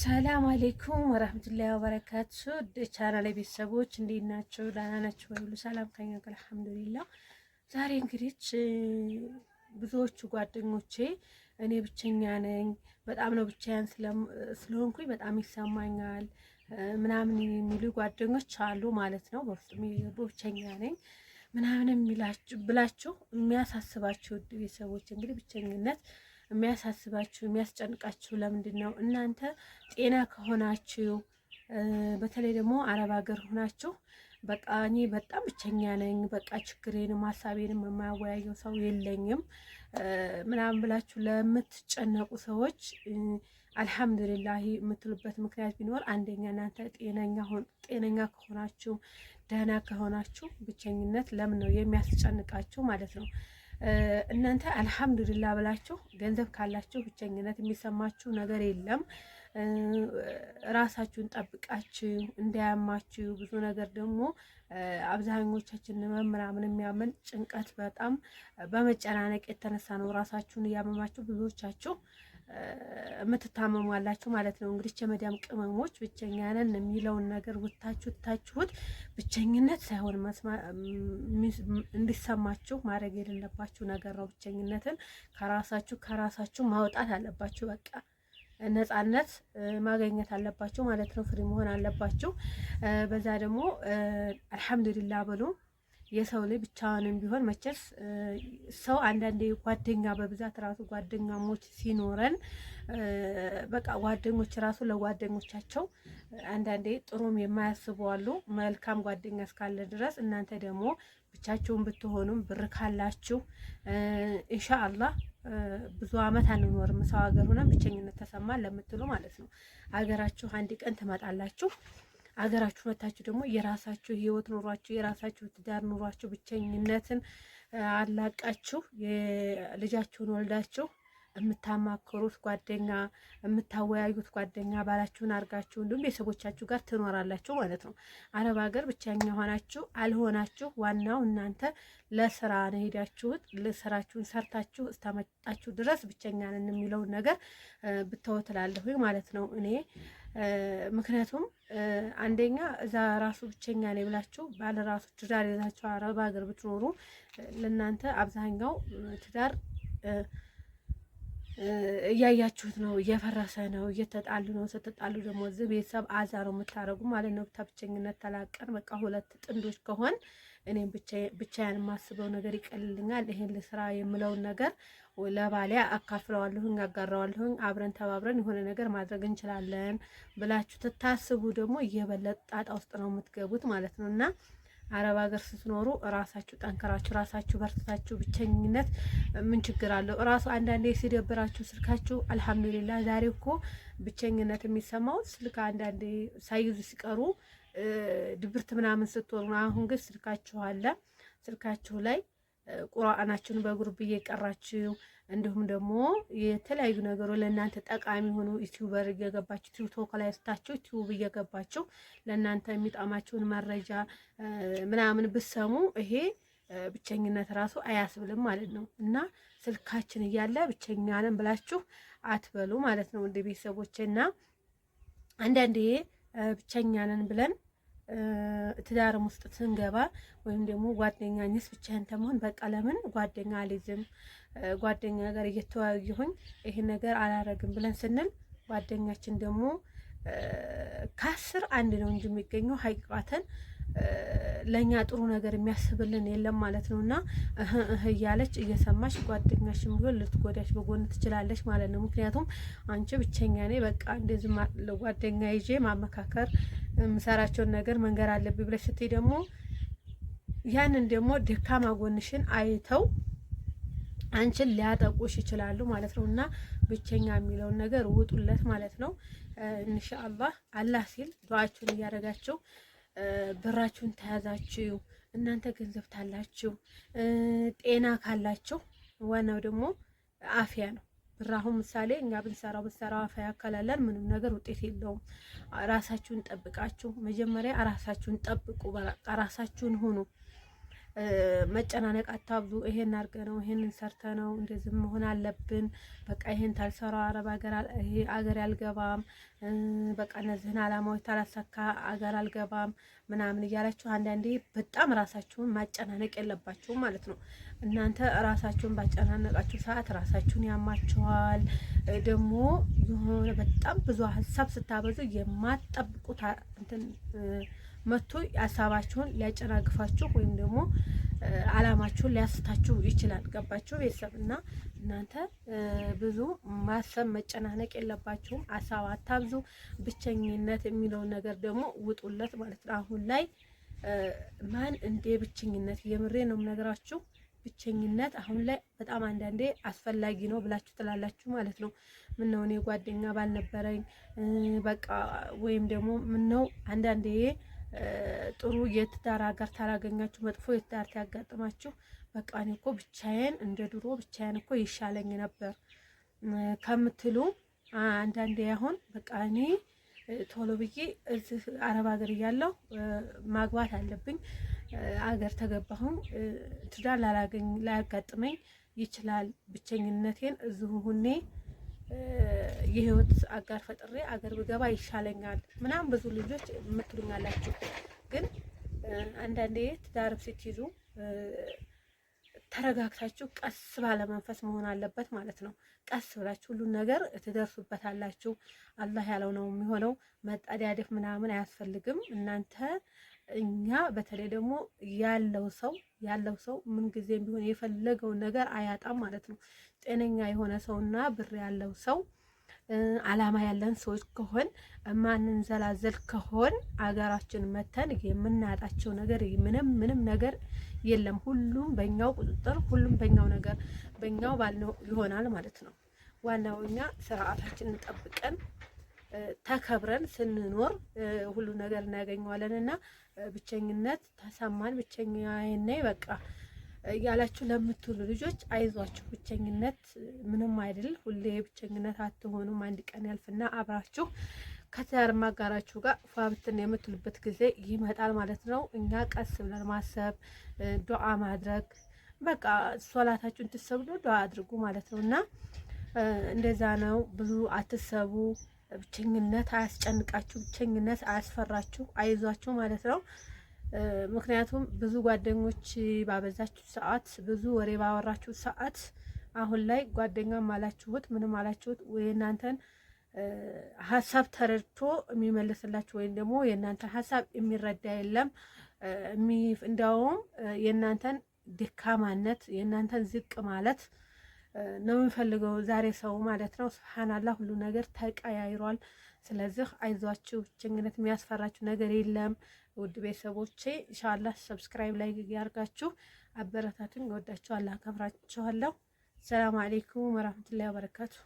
ሰላም አሌይኩም ወረህመቱላሂ ወበረካቱ ቻናሌ ቤተሰቦች እንዴት ናቸው? ደህና ናቸው ወይ? ሁሉ ሰላም ከኛ ጋር አልሐምዱሊላህ። ዛሬ እንግዲህ ብዙዎቹ ጓደኞቼ እኔ ብቸኛ ነኝ፣ በጣም ነው ብቻዬን ስለሆንኩኝ በጣም ይሰማኛል ምናምን የሚሉ ጓደኞች አሉ ማለት ነው። በፍጹም ብቸኛ ነኝ ምናምን ብላችሁ የሚያሳስባችሁ ቤተሰቦች እንግዲህ ብቸኝነት የሚያሳስባችሁ የሚያስጨንቃችሁ ለምንድን ነው? እናንተ ጤና ከሆናችሁ በተለይ ደግሞ አረብ ሀገር ሆናችሁ በቃ እኔ በጣም ብቸኛ ነኝ፣ በቃ ችግሬንም ሀሳቤንም የማያወያየው ሰው የለኝም ምናምን ብላችሁ ለምትጨነቁ ሰዎች አልሐምዱሊላህ የምትሉበት ምክንያት ቢኖር አንደኛ እናንተ ጤነኛ ከሆናችሁ ደህና ከሆናችሁ ብቸኝነት ለምን ነው የሚያስጨንቃችሁ ማለት ነው። እናንተ አልሐምዱሊላ ብላችሁ ገንዘብ ካላችሁ ብቸኝነት የሚሰማችሁ ነገር የለም። ራሳችሁን ጠብቃችሁ እንዳያማችሁ ብዙ ነገር ደግሞ አብዛኞቻችን መምናምን የሚያምን ጭንቀት በጣም በመጨናነቅ የተነሳ ነው ራሳችሁን እያመማችሁ ብዙዎቻችሁ የምትታመሙ ማለት ነው። እንግዲህ የመዳም ቅመሞች ብቸኛ ነን የሚለውን ነገር ውታችሁ ታችሁት ብቸኝነት ሳይሆን እንዲሰማችሁ ማድረግ የሌለባችሁ ነገር ነው። ብቸኝነትን ከራሳችሁ ከራሳችሁ ማውጣት አለባችሁ። በቃ ነጻነት ማገኘት አለባችሁ ማለት ነው። ፍሪ መሆን አለባችሁ። በዛ ደግሞ አልሐምዱሊላ በሉ የሰው ልጅ ብቻዋንም ቢሆን መቼስ ሰው አንዳንዴ ጓደኛ በብዛት ራሱ ጓደኛሞች ሲኖረን በቃ ጓደኞች ራሱ ለጓደኞቻቸው አንዳንዴ ጥሩም የማያስቡ አሉ። መልካም ጓደኛ እስካለ ድረስ እናንተ ደግሞ ብቻችሁን ብትሆኑም ብር ካላችሁ ኢንሻአላህ ብዙ አመት አንኖርም ሰው ሀገር ሆነን ብቸኝነት ተሰማን ለምትሉ ማለት ነው ሀገራችሁ አንድ ቀን ትመጣላችሁ። አገራችሁ መታችሁ ደግሞ የራሳችሁ ህይወት ኑሯችሁ የራሳችሁ ትዳር ኑሯችሁ ብቸኝነትን አላቃችሁ ልጃችሁን ወልዳችሁ የምታማክሩት ጓደኛ የምታወያዩት ጓደኛ ባላችሁን አድርጋችሁ እንዲሁም ቤተሰቦቻችሁ ጋር ትኖራላችሁ ማለት ነው። አረብ ሀገር ብቸኛ ሆናችሁ አልሆናችሁ፣ ዋናው እናንተ ለስራ ነው ሄዳችሁት። ስራችሁን ሰርታችሁ እስተመጣችሁ ድረስ ብቸኛንን የሚለውን ነገር ብተወትላለሁ ማለት ነው እኔ ምክንያቱም አንደኛ እዛ ራሱ ብቸኛ ነኝ ብላችሁ ባለ ራሱ ትዳር ይዛችሁ አረብ ሀገር ብትኖሩ ለእናንተ አብዛኛው ትዳር እያያችሁት ነው፣ እየፈረሰ ነው፣ እየተጣሉ ነው። ስትጣሉ ደግሞ እዚህ ቤተሰብ አዛ ነው የምታደርጉ ማለት ነው። ብቸኝነት ተላቀን በቃ ሁለት ጥንዶች ከሆን እኔም ብቻዬን የማስበው ነገር ይቀልልኛል፣ ይሄን ልስራ የምለውን ነገር ለባሊያ አካፍለዋለሁኝ አጋራዋለሁኝ አብረን ተባብረን የሆነ ነገር ማድረግ እንችላለን ብላችሁ ትታስቡ ደግሞ እየበለጥ ጣጣ ውስጥ ነው የምትገቡት ማለት ነው እና አረብ ሀገር ስትኖሩ ራሳችሁ ጠንከራችሁ ራሳችሁ በርትታችሁ ብቸኝነት ምን ችግር አለው? እራሱ አንዳንዴ ሲደብራችሁ ስልካችሁ አልሐምዱሊላ። ዛሬ እኮ ብቸኝነት የሚሰማው ስልክ አንዳንዴ ሳይዙ ሲቀሩ ድብርት ምናምን ስትሆኑ፣ አሁን ግን ስልካችሁ አለ ስልካችሁ ላይ ቁርአናችሁን በግሩፕ እየቀራችሁ እንዲሁም ደግሞ የተለያዩ ነገሮች ለእናንተ ጠቃሚ የሆኑ ዩቲዩበር እየገባችሁ ቲክቶክ ላይ ስታችሁ ዩቲዩብ እየገባችሁ ለእናንተ የሚጣማችሁን መረጃ ምናምን ብሰሙ ይሄ ብቸኝነት ራሱ አያስብልም ማለት ነው። እና ስልካችን እያለ ብቸኛ ነን ብላችሁ አትበሉ ማለት ነው። እንደ ቤተሰቦች እና አንዳንዴ ብቸኛ ነን ብለን ትዳርም ውስጥ ስንገባ ወይም ደግሞ ጓደኛ ኒስ ብቻህን ተመሆን በቃ ለምን ጓደኛ አልይዝም ጓደኛ ጋር እየተወያየሁኝ ይሄን ነገር አላረግም ብለን ስንል ጓደኛችን ደግሞ ከአስር አንድ ነው እንጂ የሚገኘው ሀቂቃተን ለእኛ ጥሩ ነገር የሚያስብልን የለም ማለት ነው። እና እህ እህ እያለች እየሰማች ጓደኛሽን ብሎ ልትጎዳሽ በጎን ትችላለች ማለት ነው። ምክንያቱም አንቺ ብቸኛ ነኝ በቃ እንደዚህ ጓደኛ ይዤ ማመካከር የምሰራቸውን ነገር መንገር አለብኝ ብለሽ ስትይ ደግሞ ያንን ደግሞ ደካማ ጎንሽን አይተው አንቺን ሊያጠቁሽ ይችላሉ ማለት ነው። እና ብቸኛ የሚለውን ነገር ውጡለት ማለት ነው። ኢንሻአላህ አላህ ሲል ዱዓችሁን እያደረጋችሁ ብራችሁን ተያዛችሁ እናንተ ገንዘብ ታላችሁ ጤና ካላችሁ ዋናው ደግሞ አፍያ ነው። ብር አሁን ምሳሌ እኛ ብንሰራው ብንሰራው አፋ ያከላላል፣ ምንም ነገር ውጤት የለውም። ራሳችሁን ጠብቃችሁ መጀመሪያ ራሳችሁን ጠብቁ፣ ራሳችሁን ሁኑ። መጨናነቅ አታብዙ። ይሄን አርገ ነው ይሄንን ሰርተ ነው እንደዚህ መሆን አለብን። በቃ ይሄን ታልሰራው አረብ አገር አልገባም፣ በቃ እነዚህን አላማዎች ታላሳካ አገር አልገባም ምናምን እያላችሁ አንዳንዴ በጣም ራሳችሁን ማጨናነቅ የለባችሁም ማለት ነው። እናንተ ራሳችሁን ባጨናነቃችሁ ሰዓት ራሳችሁን ያማችኋል። ደግሞ የሆነ በጣም ብዙ ሀሳብ ስታበዙ የማትጠብቁት እንትን መጥቶ ሀሳባችሁን ሊያጨናግፋችሁ ወይም ደግሞ አላማችሁን ሊያስታችሁ ይችላል። ገባችሁ ቤተሰብ እና እናንተ ብዙ ማሰብ መጨናነቅ የለባችሁም። ሀሳብ አታብዙ። ብቸኝነት የሚለውን ነገር ደግሞ ውጡለት ማለት ነው። አሁን ላይ ማን እንዴ ብቸኝነት የምሬ ነው የምነግራችሁ። ብቸኝነት አሁን ላይ በጣም አንዳንዴ አስፈላጊ ነው ብላችሁ ትላላችሁ ማለት ነው። ነው እኔ ጓደኛ ባልነበረኝ በቃ ወይም ደግሞ ምን ነው አንዳንዴ ጥሩ የትዳር አጋር ታላገኛችሁ፣ መጥፎ የትዳር ታያጋጥማችሁ። በቃ እኔ እኮ ብቻዬን እንደ ድሮ ብቻዬን እኮ ይሻለኝ ነበር ከምትሉ አንዳንዴ አሁን በቃ እኔ ቶሎ ብዬ እዚህ አረብ ሀገር እያለሁ ማግባት አለብኝ፣ አገር ተገባሁም ትዳር ላላገኝ ላያጋጥመኝ ይችላል፣ ብቸኝነቴን እዚሁ ሁኔ የህይወት አጋር ፈጥሬ አገር ብገባ ይሻለኛል ምናምን ብዙ ልጆች የምትሉኛላችሁ። ግን አንዳንዴ ትዳርም ስትይዙ ተረጋግታችሁ ቀስ ባለ መንፈስ መሆን አለበት ማለት ነው። ቀስ ብላችሁ ሁሉን ነገር ትደርሱበታላችሁ። አላህ ያለው ነው የሚሆነው። መጣዲያደፍ ምናምን አያስፈልግም። እናንተ እኛ በተለይ ደግሞ ያለው ሰው ያለው ሰው ምን ጊዜም ቢሆን የፈለገውን ነገር አያጣም ማለት ነው። ጤነኛ የሆነ ሰውና ብር ያለው ሰው አላማ ያለን ሰዎች ከሆን ዘላዘል ከሆን አገራችን መተን የምናጣቸው ነገር ምንም ምንም ነገር የለም። ሁሉም በእኛው ቁጥጥር፣ ሁሉም በእኛው ነገር በእኛው ባልነው ይሆናል ማለት ነው። ዋናው እኛ ስርዓታችንን ጠብቀን ተከብረን ስንኖር ሁሉ ነገር እናገኘዋለን እና ብቸኝነት ተሰማን። ብቸኛነ በቃ ያላችሁ ለምትውሉ ልጆች አይዟችሁ፣ ብቸኝነት ምንም አይደል። ሁሌ ብቸኝነት አትሆኑም። አንድ ቀን ያልፍና አብራችሁ ከትዳር አጋራችሁ ጋር ፏብትን የምትሉበት ጊዜ ይመጣል ማለት ነው። እኛ ቀስ ብለን ማሰብ፣ ዱዓ ማድረግ በቃ ሶላታችሁ እንትሰብሉ ዱዓ አድርጉ ማለት ነው እና እንደዛ ነው። ብዙ አትሰቡ። ብቸኝነት አያስጨንቃችሁ፣ ብቸኝነት አያስፈራችሁ፣ አይዟችሁ ማለት ነው። ምክንያቱም ብዙ ጓደኞች ባበዛችሁ ሰዓት፣ ብዙ ወሬ ባወራችሁ ሰዓት አሁን ላይ ጓደኛም አላችሁት ምንም አላችሁት የእናንተን ሀሳብ ተረድቶ የሚመልስላችሁ ወይም ደግሞ የእናንተ ሀሳብ የሚረዳ የለም። እንዲያውም የእናንተን ድካማነት የእናንተን ዝቅ ማለት ነው የምፈልገው ዛሬ ሰው ማለት ነው። ስብሓናላ ሁሉ ነገር ተቀያይሯል። ስለዚህ አይዟችሁ፣ ጭንቅነት የሚያስፈራችሁ ነገር የለም። ውድ ቤተሰቦቼ እንሻላ ሰብስክራይብ ላይ ያርጋችሁ፣ አበረታቱኝ። ወዳችኋለሁ፣ አከብራችኋለሁ። ሰላም አሌይኩም ወራህመቱላሂ ወበረካቱሁ።